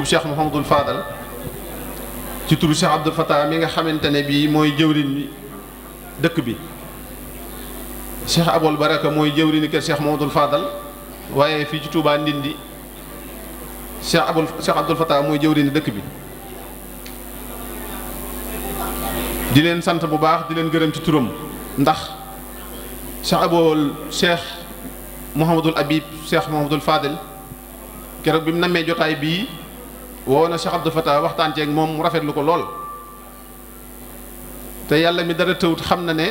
dëkkub Cheikh Mouhamadul Fadal ci turu Cheikh Abdoul Fatah mi nga xamante ne bii mooy jëwriñ bi dëkk bi Cheikh Abol Baraka mooy jëwriñu kër Cheikh Mouhamadul faadal waaye fii ci Touba Ndindi Cheikh Abol Cheikh Abdoul Fatah mooy jëwriñu dëkk bi. di leen sant bu baax di leen gërëm ci turam ndax Cheikh Abol Cheikh Mouhamadul Habib Cheikh Mouhamadul Fadal keroog bi mu namee jotaay bii. woo na Cheikh Abdou Fatah waxtaan ceeg moom mu rafetlu ko lool te yàlla mi dara tëwut xam na ne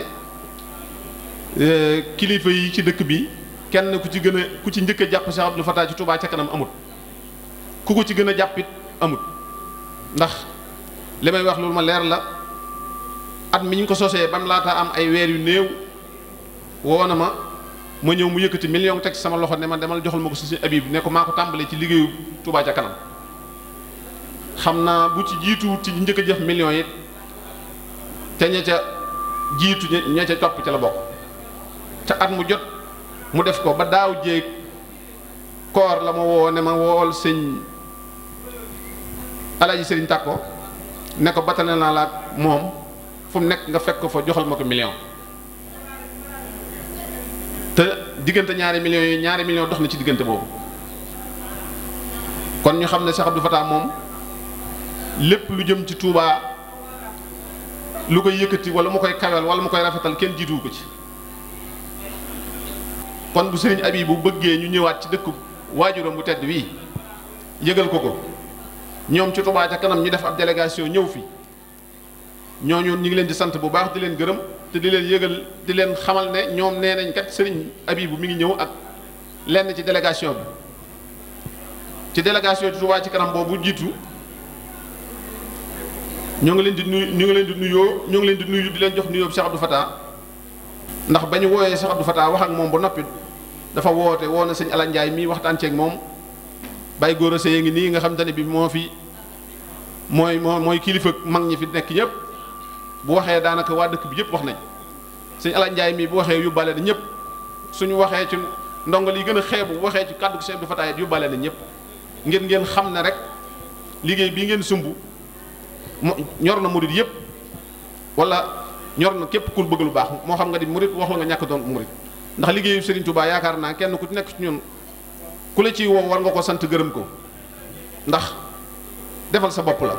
e, kilifa yi ci dëkk bi kenn ku ci gën a ku ci njëkk jàpp Cheikh Abdou Fatah ci Touba ca kanam amut ku ko ci gën a jàppit amut ndax li may wax loolu ma leer la at mi ñu ko sosee ba mu laataa am ay weer yu néew woo na ma ma ñëw mu yëkkati million teg sama loxo ne ma demal joxal ma ko si Habib ne ko maa ko tàmbalee ci liggéeyu Touba ca kanam xam naa bu ci jiitu ci njëkk a jëf millions yi ca ña ca jiitu ña ca topp ca la bokk ca at mu jot mu def ko ba daaw jéeg koor la ma woo ne ma wool sëñ alaji sëriñ ko ne ko batale naa laa ak moom fu nekk nga fekk ko fa joxal ma ko million te diggante ñaari millions yi ñaari millions dox na ci diggante boobu kon ñu xam ne Cheikh Abdou Fatah moom lépp lu jëm ci tuubaa lu koy yëkkati wala mu koy kawel wala mu koy rafetal kenn jiituwu ko ci kon bu sëriñ abi bu bëggee ñu ñëwaat ci dëkk waajuram bu tedd bii yëgal ko ko ñoom ci Touba ca kanam ñu def ab délégation ñëw fii ñoo ñooñu ñu ngi leen di sant bu baax di leen gërëm te di leen yëgal di leen xamal ne ñoom nee nañ kat sëriñ Abibu mi ngi ñëw ak lenn ci délégation bi ci délégation ci Touba ci kanam boobu jiitu ñoo ngi leen di nuyu ñu ngi leen di nuyoo ñu ngi leen di nuyu di leen jox nuyoo Cheikh ndax ba ñu wooyee Cheikh Abdou Fatah wax ak moom ba noppi dafa woote woo na sëñ Ala Ndiaye mii waxtaan ceeg moom bàyyi góor a sëye ngi nii nga xamante ne bi moo fi mooy moo mooy kilifa mag ñi fi nekk ñëpp bu waxee daanaka waa dëkk bi yëpp wax nañ sëñ Ala Ndiaye mii bu waxee yóbbaale na ñëpp suñu waxee ci ndongo li gën a xeebu waxee ci kàddu Cheikh Abdou Fatah yóbbaale na ñëpp ngeen ngeen xam ne rek liggéey bii ngeen sumb ñor na murit yëpp wala ñor na képp ku bëgg lu baax moo xam nga di murit wax la nga ñàkk doon murit ndax liggéeyu Serigne Touba yaakaar naa kenn ku nekk ci ñun ku la ciy woo war nga ko sant gërëm ko ndax defal sa bopp la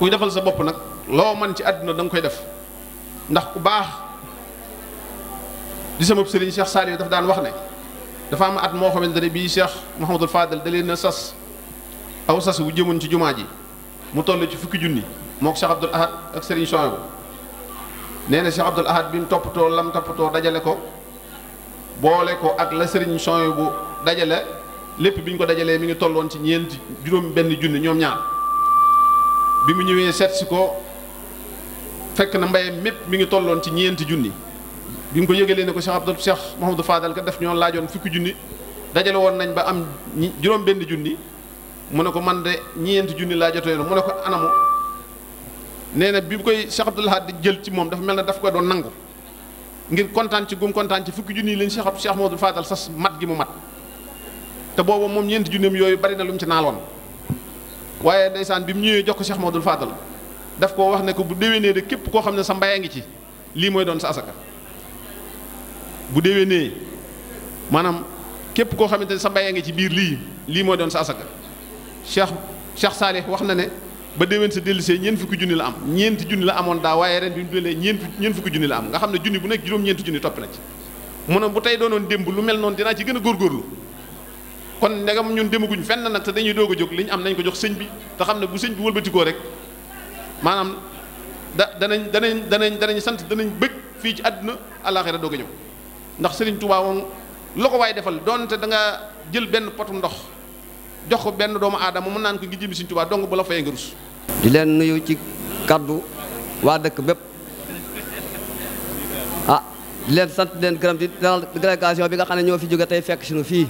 kuy defal sa bopp nag loo man ci àdduna danga koy def ndax ku baax di sama Serigne Cheikh Saliou daf daan wax ne dafa am at moo xamante ne bii Cheikh Mouhamadul Fadal da leen na sas aw sas wu jëmoon ci jumaa ji mu toll ci fukki junni mook Cheikh Abdoul Ahad ak Serigne Soyebu nee na Cheikh Abdoul Ahad bi mu toppatoo lam toppatoo dajale ko boole ko ak la Serigne bu dajale lépp bi ñu ko dajalee mi ngi tolloon ci ñeenti juróom benn junni ñoom ñaar bi mu ñëwee seet ko fekk na mbayam mépp mi ngi tolloon ci ñeenti junni bi mu ko yëgalee ne ko Cheikh Abdoul Cheikh Mouhamadou Fadal ka def ñoo laajoon fukki junni dajale woon nañ ba am juróom benn junni mu ne ko man de ñeenti junni laa jotee mu ne ko anamu nee na bi koy Cheikh Abdoul Ahad di jël ci moom dafa mel ne daf ko doon nangu ngir kontaan ci gum kontaan ci fukki junni yi lañ Cheikh Cheikh Modou Fadal sas mat gi mu mat te boobu moom ñeenti junneem yooyu bari na lu mu ci naaloon waaye ndeysaan bi mu ñëwee jox ko moo Modou Fadal daf koo wax ne ko bu déwénee de képp koo xam ne sa mbay a ngi ci lii mooy doon sa asaka bu déwénee maanaam képp koo xamante ne sa mbay a ngi ci biir lii lii mooy doon sa cheikh cheikh Salih wax na ne ba déwén sa dellusee ñeent fukki junni la am ñeenti junni la amoon daa waaye ren bi mu delee ñeent ñeent fukki junni la am nga xam ne junni bu nekk juróom-ñeenti junni topp na ci mu bu tey doonoon démb lu mel noonu dinaa ci gën a góorgóorlu kon ndegam ñun demaguñ fenn nag te dañuy doog a jóg li ñu am nañ ko jox sëñ bi te xam ne bu sëñ bi wëlbatikoo rek maanaam da danañ danañ danañ danañ sant danañ bëgg fii ci àdduna àllaaxira doog ñëw ndax Sëriñ Tuubaa moom lo ko waay defal doonte da nga jël benn potu ndox jox ko benn doomu aadama mun naan ko ngi jëmi Sëriñ Tuubaa dong bu la fayee nga rus di leen nuyu ci kaddu waa dëkk bépp ah di leen sant di leen gërëm di dalal délégation bi nga xam ne ñoo fi jóge tey fekk sunu fii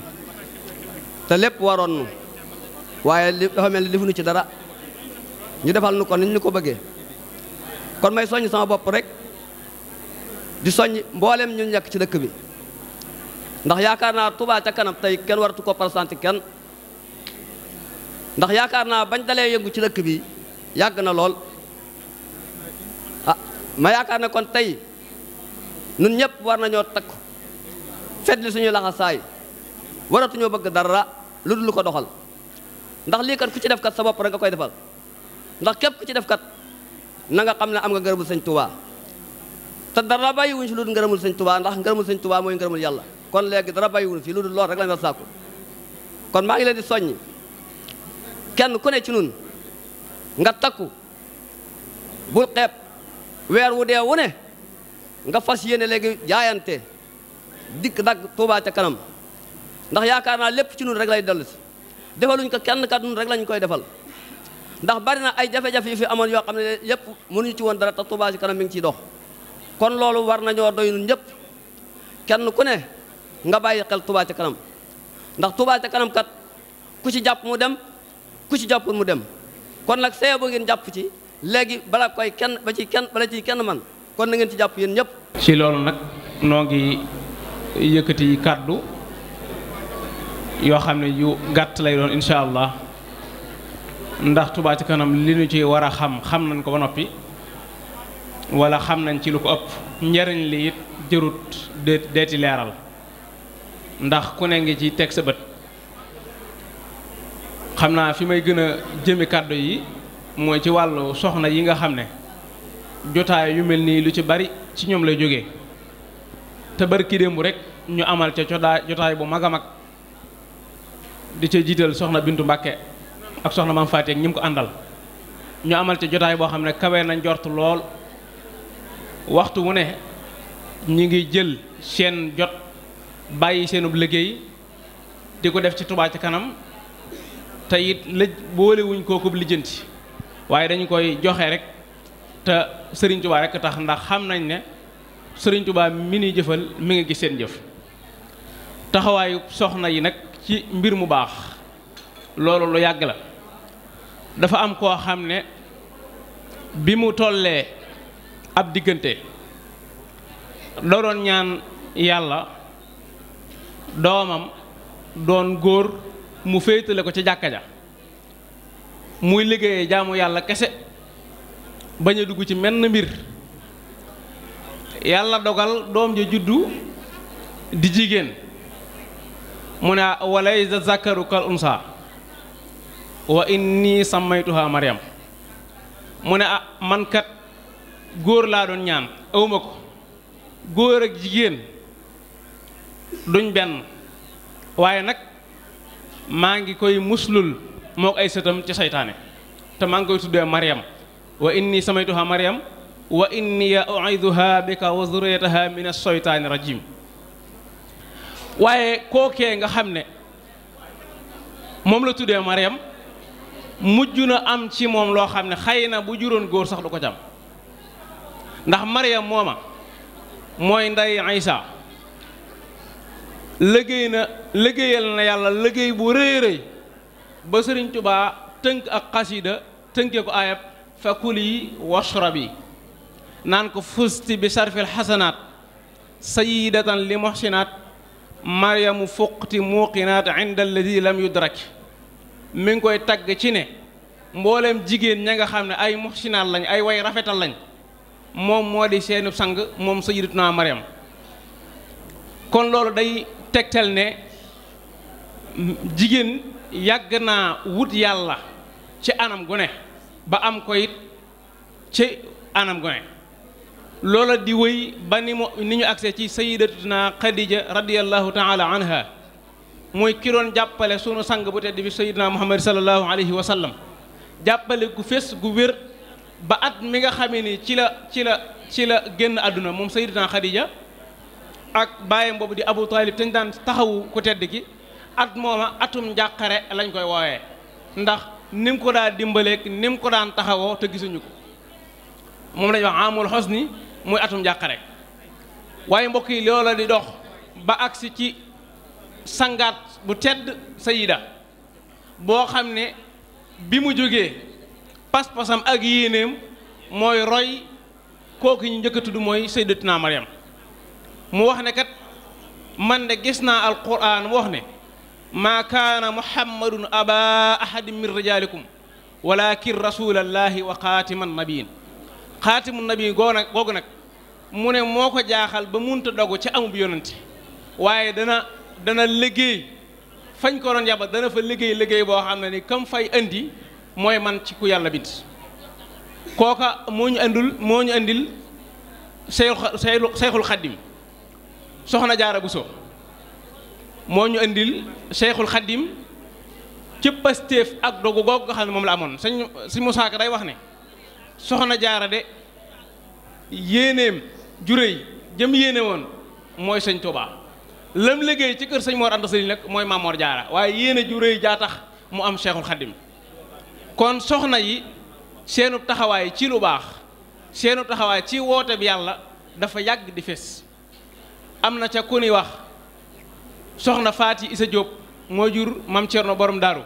te lépp waroon nu waaye li dafa mel ni defuñu ci dara ñu defal nu ko niñ ñu ko bëggee kon may soññ sama bopp rek di soññ mbooleem ñu nekk ci dëkk bi ndax yaakaar naa Touba ca kanam tey kenn waratu ko présenté kenn ndax yaakaar naa bañ dalee yëngu ci dëkk bi yàgg na lool ah ma yaakaar ne kon tey nun ñëpp war nañoo takku fetli suñu laxasaay waratuñoo bëgg dara lu dul ko doxal ndax lii kat ci def kat sa bopp rek nga koy defal ndax képp ku ci def kat na nga xam ne am nga ngërëmul sëñ Tuubaa te dara bàyyiwuñ si lu dul ngërëmul sëñ Tuubaa ndax ngërëmul sëñ Tuubaa mooy ngërëmul yàlla kon léegi dara bàyyiwuñ si lu lool rek lañ la sàkku kon maa ngi leen di soññ kenn ku ne ci nun nga takku bul xeeb weer wu dee wu ne nga fas yéene léegi jaayante dikk dag Tuubaa ca kanam ndax yaakaar naa lépp ci nun rek lay dellu si defaluñ ko kenn kat nun rek lañ koy defal ndax bari na ay jafe-jafe yu fi amoon yoo xam ne yépp mënuñu ci woon dara te Tuubaa ci kanam mi ngi ciy dox kon loolu war nañoo doy nun ñëpp kenn ku ne nga bàyyi xel Tuubaa ca kanam ndax Tuubaa ca kanam kat ku ci jàpp mu dem ku ci jàppul mu dem kon nag see ngeen jàpp ci léegi bala koy kenn ba ci kenn bala ciy kenn kon na ngeen ci jàpp yéen ñëpp. ci loolu nag noo ngi yëkkati kàddu yoo xam ne yu gàtt lay doon incha ndax Touba ci kanam li ñu ci war a xam xam nañ ko ba noppi wala xam nañ ci lu ko ëpp njariñ li it jërut deeti leeral ndax ku ne ngi ci teg sa bët. xam naa fi may gën a jëmi kàddu yi mooy ci wàllu soxna yi nga xam ne jotaay yu mel nii lu ci bari ci ñoom lay jóge te bari ki démb rek ñu amal ca jotaay jotaay bu mag a mag di ca jiital soxna Bintu Mbàkke ak soxna Maam Faati ak ñi ko àndal ñu amal ca jotaay boo xam ne kawee nañ jort lool waxtu wu ne ñu ngi jël seen jot bàyyi seenub liggéey di ko def ci Touba ci kanam tey it lëj boolewuñ kookub lijjanti waaye dañ koy joxe rek te Serigne Touba tax ndax xam nañ ne Serigne Touba mi ni jëfal mi ngi gis seen jëf taxawaayu soxna yi nag ci mbir mu baax loolu lu yàgg la dafa am koo xam ne bi mu tollee ab diggante da doon ñaan yàlla doomam doon góor mu féetale ko ca jàkka ja muy liggéeye jaamu yàlla kese bañ a dugg ci menn mbir yàlla dogal doom ja juddu di jigéen mu ne walay za zakaru kal unsa wa inni sammaytuha mariam mu ne a ah, mankat góor laa doon ñaan awma ko góor ak jigéen duñ benn waaye nag maa ngi koy muslul moo ko ay sëtam ci seytaane te maa ngi koy tuddee Maryam wa inni samaytuha Maryam wa inni u'iduha bika wa zurriyataha min as-seytaani rajim waaye kookee nga xam ne moom la tuddee Maryam mujj na am ci moom loo xam ne xëy na bu juróon góor sax du ko jam ndax Maryam mooma mooy nday Isa liggéey na liggéeyal na yàlla liggéey bu rëy rëy ba sëriñ tubaa tënk ak xasida tënkee ko ayab fakul yi bi naan ko fusti bi sarfil xasanaat sayidatan li muxsinaat maryamu fuqti muuqinaat inda alladi yu yudrak mu ngi koy tagg ci ne mbooleem jigéen ña nga xam ne ay muxsinaat lañ ay way rafetal lañ moom moo di seenu sang moom sayidatuna maryam kon loolu day tegtal ne jigéen yàgg naa wut yàlla ci anam gone ba am ko it ci anam gu ne loola di wéy ba ni mu ni ñu agsee ci sayidatuna xadija radiallahu taala anha mooy ki jàppale sunu sang bu tedd bi sayidna muhammad salallahu alayhi wa sallam jàppale gu fés gu wér ba at mi nga xamee ni ci la ci la ci la génn àdduna moom sayidatuna xadija ak bàyyam boobu di Abu Talib te ñu daan taxawu ku tedd ki at mooma atum njàqare lañ koy woowee ndax ni ko daan dimbaleeg ni ko daan taxawoo te gisuñu ko moom lañu wax amul xos ni muy atum njàqare waaye mbokk yi loola di dox ba agsi ci sangaat bu tedd sayida boo xam ne bi mu jógee pas-pasam ak yéenéem mooy roy kooku ñu njëkk a tudd mooy sayyidatuna Maryam mu wax ne kat man de gis naa alquran mu wax ne maa kaana muhammadun aba ahadin min rijaalikum walakin rasulallaahi wa xaatiman nabiin xaatimu nabiin goo nag googu nag mu ne moo ko jaaxal ba munta dogu ci amub yonante waaye dana dana liggéey fañ ko doon yàba dana fa liggéey liggéey boo xam ne ni kam fay indi mooy man ci ku yàlla bind kooka moo ñu andul moo ñu andil seyxul xaddim soxna jaara so moo ñu indil Cheikhul Khadim ci pastéef ak dogu googu nga xam ne moom la amoon sañ si Moussa Ka day wax ne soxna jaara de yéeneem juréy jëm yéene woon mooy sëñ tooba lam liggéey ci kër sañ Mor Anta Sali nag mooy Maamoor Jaara waaye yéene juréy jaa tax mu am Cheikhul Khadim kon soxna yi seenu taxawaay ci lu baax seenu taxawaay ci woote bi yàlla dafa yàgg di fés am na ca ku ni wax soxna Faati Isa Jóob moo jur mam na boroom daaru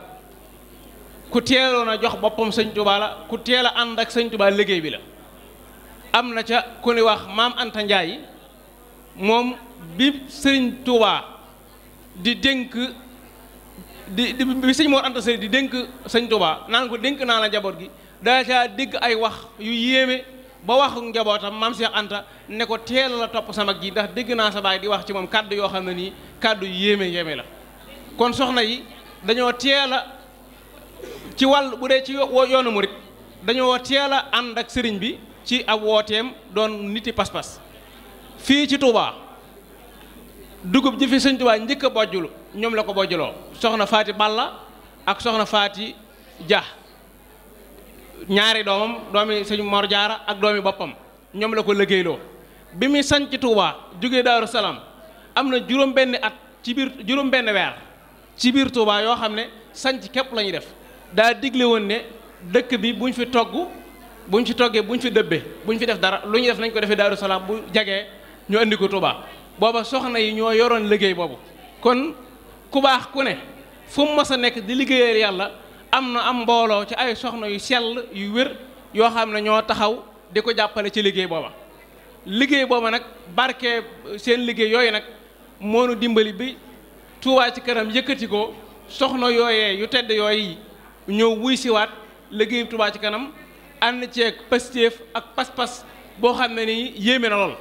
ku teeloon a jox boppam sëñ Tuubaa la ku teel ànd ak sëñ Tuubaa liggéey bi la am na ca ku ni wax maam Anta Njaay moom bi sëñ Tuubaa di dënk di bi sëñ Mor Anta Sali di dénk sëñ Tuubaa naan ko dénk naa la njaboot gi daa caa dégg ay wax yu yéeme ba wax njabootam maam Cheikh Anta ne ko teel la topp sama ji ndax dégg naa sa baay di wax ci moom kàddu yoo xam ne nii kàddu yéeme yéeme la kon soxna yi dañoo teel ci wàll bu dee ci yoonu murit dañoo teel a ànd ak sëriñ bi ci ab wooteem doon niti pas-pas fii ci Touba dugub ji fi sëñ Touba njëkk a bojjul ñoom la ko bojjuloo soxna Faati Balla ak soxna Faati Dia ñaari doomam doomi sañu Mor Diarra ak doomi boppam ñoom la ko liggéeyloo bi muy sañ ci Touba jógee Salaam am na juróom-benni at ci biir juróom-benn weer ci biir Touba yoo xam ne sañc képp la ñuy def daa digle woon ne dëkk bi bu ñu fi togg buñ fi toggee buñ fi dëbbee bu buñ fi def dara lu ñu def nañ ko defee Daaru Salaam bu jagee ñu indi ko Touba booba soxna yi ñoo yoroon liggéey boobu kon ku baax ku ne fu mu mës a nekk di liggéeyal yàlla. am na am mbooloo ci ay soxna yu sell yu wér yoo xam ne ñoo taxaw di ko jàppale ci liggéey booba liggéey booba nag barke seen liggéey yooyu nag moonu dimbali bi Touba ci kanam yëkkati soxna yooyee yu tedd yooyu ñëw wuy siwaat liggéey Touba ci kanam ànd ceeg pastéef ak pas-pas boo xam ne nii yéeme na lool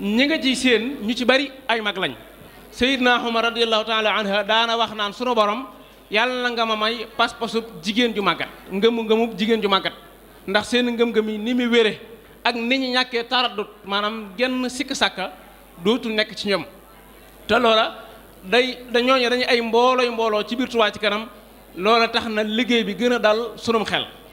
ñi nga ci seen ñu ci bari ay mag lañ Seydina Umar radiyallahu taala anha daana wax naan sunu borom yàlla na nga ma may pas-pasub jigéen ju màggat ngëmu ngëmu jigéen ju màggat ndax seen ngëm-ngëm yi ni mu wére ak nit ñu ñàkkee taradut maanaam genn sikk sàkka dootul nekk ci ñoom te loola day dañooñu dañu ay mboolooy mbooloo ci biir Tuubaa ci kanam loola tax na liggéey bi gën a dal sunum xel